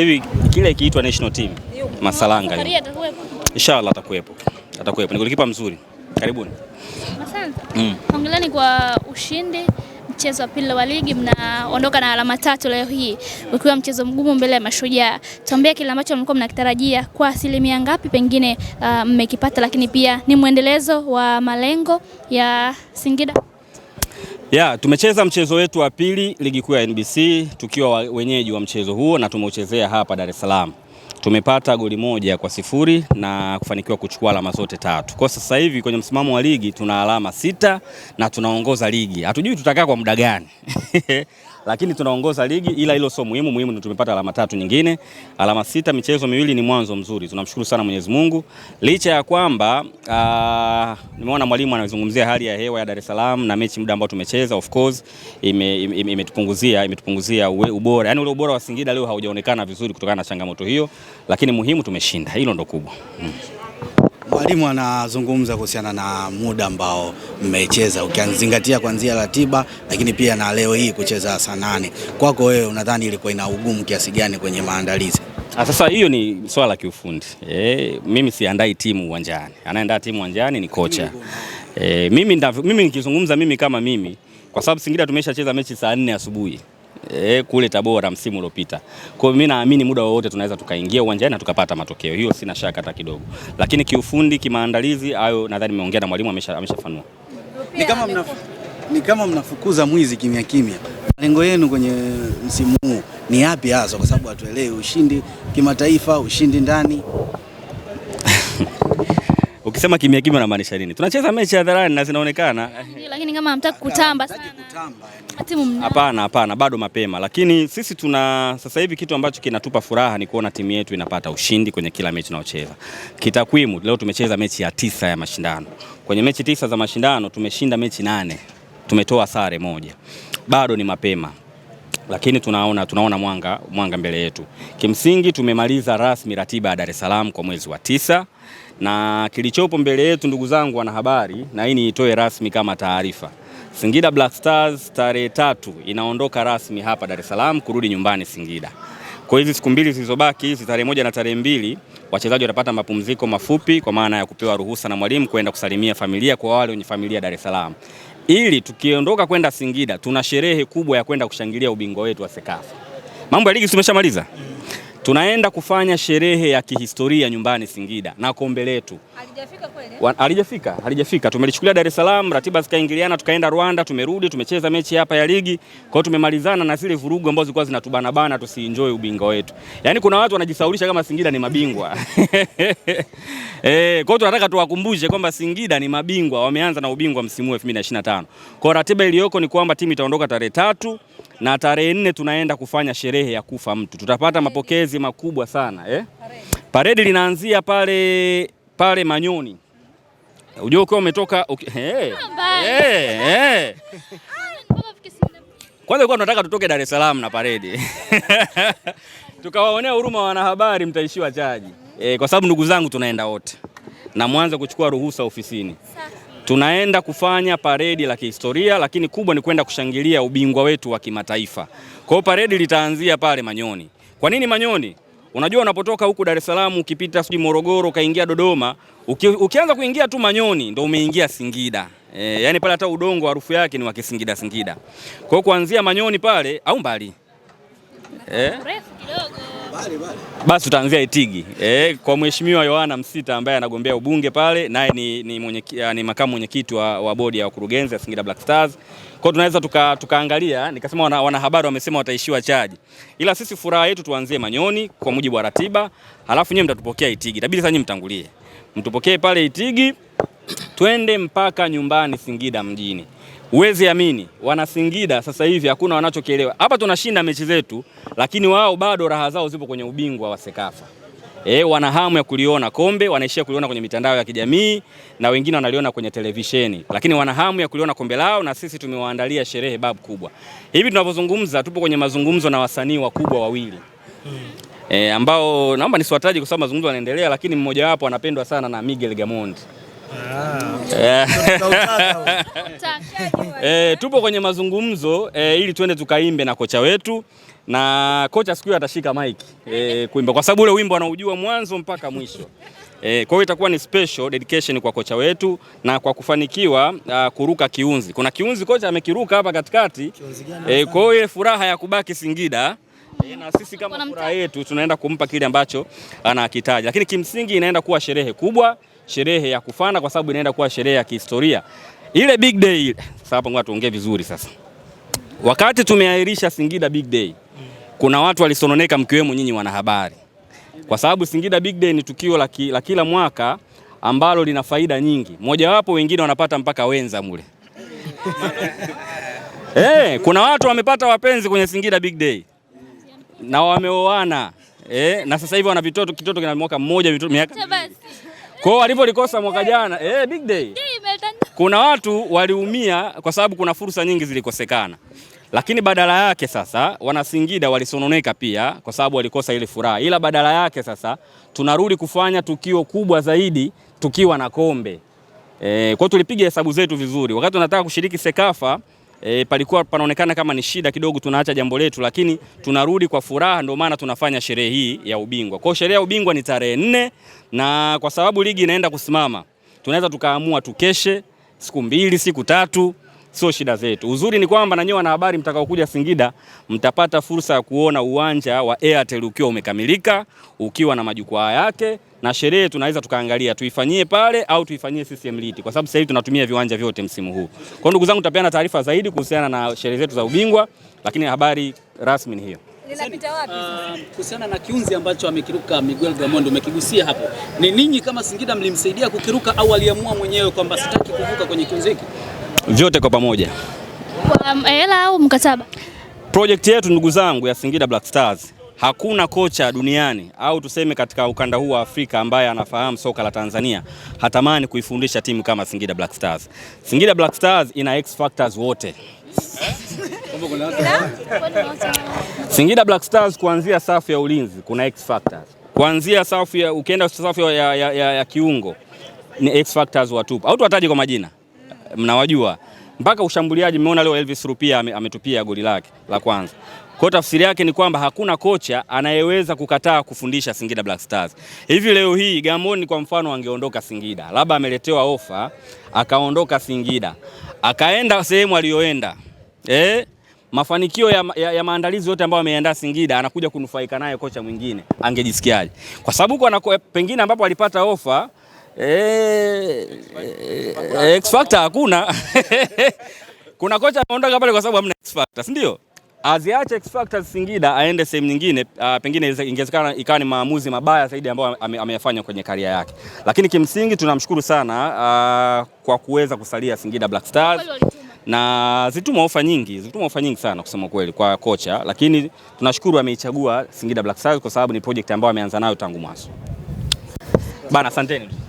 Hivi kile kiitwa national team Masalanga. Inshallah atakuepo. Atakuepo. Ni golikipa mzuri. Karibuni. Asante. Mm. Hongereni kwa ushindi mchezo wa pili wa ligi, mnaondoka na alama tatu leo hii ukiwa mchezo mgumu mbele ya Mashujaa. Tuambie kile ambacho mlikuwa mnakitarajia kwa asilimia ngapi pengine uh, mmekipata, lakini pia ni mwendelezo wa malengo ya Singida Yeah, tumecheza mchezo wetu wa pili ligi kuu ya NBC tukiwa wenyeji wa mchezo huo na tumeuchezea hapa Dar es Salaam tumepata goli moja kwa sifuri na kufanikiwa kuchukua alama zote tatu. Kwa sasa hivi kwenye msimamo wa ligi tuna alama sita na tunaongoza ligi. Hatujui tutakaa kwa muda gani lakini tunaongoza ligi, ila hilo sio muhimu. Muhimu ni tumepata alama tatu nyingine, alama sita. Michezo miwili ni mwanzo mzuri, tunamshukuru sana Mwenyezi Mungu, licha ya kwamba ah, nimeona mwalimu anazungumzia hali ya hewa ya Dar es Salaam na mechi muda ambao tumecheza, of course imetupunguzia imetupunguzia ubora, Yaani ule ubora wa Singida leo haujaonekana vizuri kutokana na changamoto hiyo, lakini muhimu tumeshinda, hilo ndo kubwa. Mm. Mwalimu anazungumza kuhusiana na muda ambao mmecheza ukizingatia kuanzia ratiba, lakini pia na leo hii kucheza saa nane, kwako wewe unadhani ilikuwa ina ugumu kiasi gani kwenye maandalizi? Ah, sasa hiyo ni swala la kiufundi e, mimi siandai timu uwanjani, anaandaa timu uwanjani ni kocha e, mimi nikizungumza mimi, mimi kama mimi, kwa sababu Singida tumeshacheza mechi saa nne asubuhi e, kule Tabora msimu uliopita. Kwa hiyo mimi naamini muda wowote tunaweza tukaingia uwanjani na tukapata matokeo, hiyo sina shaka hata kidogo, lakini kiufundi, kimaandalizi hayo nadhani nimeongea na mwalimu ameshafanua. Ni kama mnaf, ni kama mnafukuza mwizi kimya kimya. Malengo yenu kwenye msimu huu ni yapi hasa, kwa sababu hatuelewi? Ushindi kimataifa, ushindi ndani Ukisema kimya kimya unamaanisha nini? Tunacheza mechi hadharani na zinaonekana. Ndio, Lakini kama hamtaki kutamba sana. Hapana, hapana, bado mapema, lakini sisi tuna sasa hivi kitu ambacho kinatupa furaha ni kuona timu yetu inapata ushindi kwenye kila mechi tunayocheza. Kitakwimu leo tumecheza mechi ya tisa ya mashindano. Kwenye mechi tisa za mashindano tumeshinda mechi nane, tumetoa sare moja. Bado ni mapema lakini tunaona, tunaona mwanga, mwanga mbele yetu. Kimsingi tumemaliza rasmi ratiba ya Dar es Salaam kwa mwezi wa tisa na kilichopo mbele yetu ndugu zangu wanahabari, na hii niitoe rasmi kama taarifa, Singida Black Stars tarehe tatu inaondoka rasmi hapa Dar es Salaam kurudi nyumbani Singida. Kwa hizi siku mbili zilizobaki hizi, tarehe moja na tarehe mbili, wachezaji watapata mapumziko mafupi kwa maana ya kupewa ruhusa na mwalimu kwenda kusalimia familia, kwa wale wenye familia Dar es Salaam, ili tukiondoka kwenda Singida tuna sherehe kubwa ya kwenda kushangilia ubingwa wetu wa Sekafa. Mambo ya ligi tumeshamaliza. Tunaenda kufanya sherehe ya kihistoria nyumbani Singida na kombe letu. Alijafika kweli? Eh? Alijafika, alijafika. Tumelichukulia Dar es Salaam, ratiba zikaingiliana, tukaenda Rwanda, tumerudi, tumecheza mechi hapa ya ligi. Kwa hiyo tumemalizana na zile vurugu ambazo zilikuwa zinatubana bana tusienjoy ubingwa wetu. Yaani kuna watu wanajisaulisha kama Singida ni mabingwa. Eh, kwa hiyo tunataka tuwakumbushe kwamba Singida ni mabingwa, wameanza na ubingwa msimu wa 2025. Kwa hiyo ratiba iliyoko ni kwamba timu itaondoka tarehe tatu na tarehe nne tunaenda kufanya sherehe ya kufa mtu. Tutapata mapokezi mazoezi makubwa sana eh? Paredi linaanzia pale pale Manyoni, unajua ukiwa umetoka eh, eh, eh. Kwanza ilikuwa tunataka tutoke Dar es Salaam na paredi tukawaonea huruma wanahabari, mtaishiwa chaji e, kwa sababu ndugu zangu tunaenda wote na mwanza kuchukua ruhusa ofisini. Tunaenda kufanya paredi la kihistoria, lakini kubwa ni kwenda kushangilia ubingwa wetu wa kimataifa. Kwa hiyo paredi litaanzia pale Manyoni, kwa nini Manyoni? Unajua, unapotoka huku Dar es Salaam ukipita sijui Morogoro ukaingia Dodoma, uki, ukianza kuingia tu Manyoni ndo umeingia Singida. E, yani pale hata udongo harufu yake ni wa Kisingida Singida. Kwa hiyo kuanzia Manyoni pale au mbali e? Basi tutaanzia Itigi e, kwa Mheshimiwa Yohana Msita ambaye anagombea ubunge pale, naye ni, ni, ni makamu mwenyekiti wa, wa bodi ya wakurugenzi ya Singida Black Stars. Kwa tunaweza tuka, tukaangalia nikasema wana, wanahabari wamesema wataishiwa chaji. Ila sisi furaha yetu tuanzie Manyoni kwa mujibu wa ratiba, halafu nyinyi mtatupokea Itigi. Itabidi sasa nyinyi mtangulie. Mtupokee pale Itigi twende mpaka nyumbani Singida mjini. Uwezi amini, wana Singida sasa hivi hakuna wanachokielewa. Hapa tunashinda mechi zetu, lakini wao bado raha zao zipo kwenye ubingwa wa Sekafa. E, wana hamu ya kuliona kombe, wanaishia kuliona kwenye mitandao ya kijamii na wengine wanaliona kwenye televisheni, lakini wana hamu ya kuliona kombe lao, na sisi tumewaandalia sherehe babu kubwa. Hivi tunavyozungumza, tupo kwenye mazungumzo na wasanii wakubwa wawili E, ambao naomba nisiwataje kwa sababu mazungumzo yanaendelea, lakini mmojawapo anapendwa sana na Miguel Gamondi. E, tupo kwenye mazungumzo e, ili tuende tukaimbe na kocha wetu, na kocha siku hiyo atashika mic e, kuimba kwa sababu ule wimbo anaujua mwanzo mpaka mwisho e, kwa hiyo itakuwa ni special dedication kwa kocha wetu na kwa kufanikiwa a, ah, kuruka kiunzi. Kuna kiunzi kocha amekiruka hapa katikati e, kwa hiyo ile furaha ya kubaki Singida e, na sisi kama furaha yetu tunaenda kumpa kile ambacho anakitaja, lakini kimsingi inaenda kuwa sherehe kubwa sherehe ya kufana, kwa sababu inaenda kuwa sherehe ya kihistoria ile big day ile. Sasa hapa ngoja tuongee vizuri sasa. Wakati tumeahirisha Singida big day, kuna watu walisononeka, mkiwemo nyinyi wanahabari, kwa sababu Singida big day ni tukio la laki, kila mwaka ambalo lina faida nyingi, mojawapo wengine wanapata mpaka wenza mule Eh, kuna watu wamepata wapenzi kwenye Singida Big Day na wameoana eh, na sasa hivi wana vitoto, kitoto kina mwaka mmoja, miaka kwa walivyolikosa mwaka eh. jana eh, big day, kuna watu waliumia kwa sababu kuna fursa nyingi zilikosekana, lakini badala yake sasa Wanasingida walisononeka pia kwa sababu walikosa ile furaha, ila badala yake sasa tunarudi kufanya tukio kubwa zaidi tukiwa na kombe. E, kwa tulipiga hesabu zetu vizuri wakati tunataka kushiriki Sekafa. E, palikuwa panaonekana kama ni shida kidogo, tunaacha jambo letu, lakini tunarudi kwa furaha, ndio maana tunafanya sherehe hii ya ubingwa. Kwa sherehe ya ubingwa ni tarehe nne, na kwa sababu ligi inaenda kusimama, tunaweza tukaamua tukeshe siku mbili, siku tatu, sio shida zetu. Uzuri ni kwamba nanyewe wanahabari mtakaokuja Singida mtapata fursa ya kuona uwanja wa Airtel ukiwa umekamilika, ukiwa na majukwaa yake na sherehe tunaweza tukaangalia tuifanyie pale au tuifanyie CCM Liti, kwa sababu sasa hivi tunatumia viwanja vyote msimu huu. Kwa ndugu zangu, tutapeana taarifa zaidi kuhusiana na sherehe zetu za ubingwa, lakini habari rasmi ni hiyo. Linapita wapi sasa? Ah, kuhusiana na kiunzi ambacho amekiruka Miguel Gamondo umekigusia hapo. Ni ninyi kama Singida mlimsaidia kukiruka au aliamua mwenyewe kwamba sitaki kuvuka kwenye kiunzi hiki? Vyote kwa pamoja. Kwa eh, hela au mkataba? Project yetu ndugu zangu ya Singida Black Stars Hakuna kocha duniani au tuseme katika ukanda huu wa Afrika ambaye anafahamu soka la Tanzania hatamani kuifundisha timu kama Singida Black Stars. Singida Black Stars ina X factors wote. Singida Black Stars kuanzia safu ya ulinzi kuna X factors. Kuanzia safu ya ukienda safu ya, ya, ya, ya kiungo ni X factors watupu. Au tuwataje kwa majina? Mnawajua. Mpaka ushambuliaji mmeona leo Elvis Rupia ametupia goli lake la kwanza. Kwa tafsiri yake ni kwamba hakuna kocha anayeweza kukataa kufundisha Singida Black Stars. Hivi leo hii Gamoni kwa mfano angeondoka Singida, labda ameletewa ofa akaondoka Singida akaenda sehemu aliyoenda eh? mafanikio ya, ya, ya maandalizi yote ambayo ameiandaa Singida anakuja kunufaika naye kocha mwingine, angejisikiaje? Kwa sababu kwa pengine ambapo alipata ofa eh, eh, eh X factor hakuna kuna kocha ameondoka pale kwa sababu hamna X factor, si ndio? aziache X Factor Singida aende sehemu nyingine, uh, pengine ingewezekana ikawa ni maamuzi mabaya zaidi ambayo ameyafanya kwenye karia yake, lakini kimsingi tunamshukuru sana uh, kwa kuweza kusalia Singida Black Stars na zituma ofa nyingi, zituma ofa nyingi sana kusema kweli kwa kocha, lakini tunashukuru ameichagua Singida Black Stars kwa sababu ni project ambayo ameanza nayo tangu mwanzo. Bana, asanteni.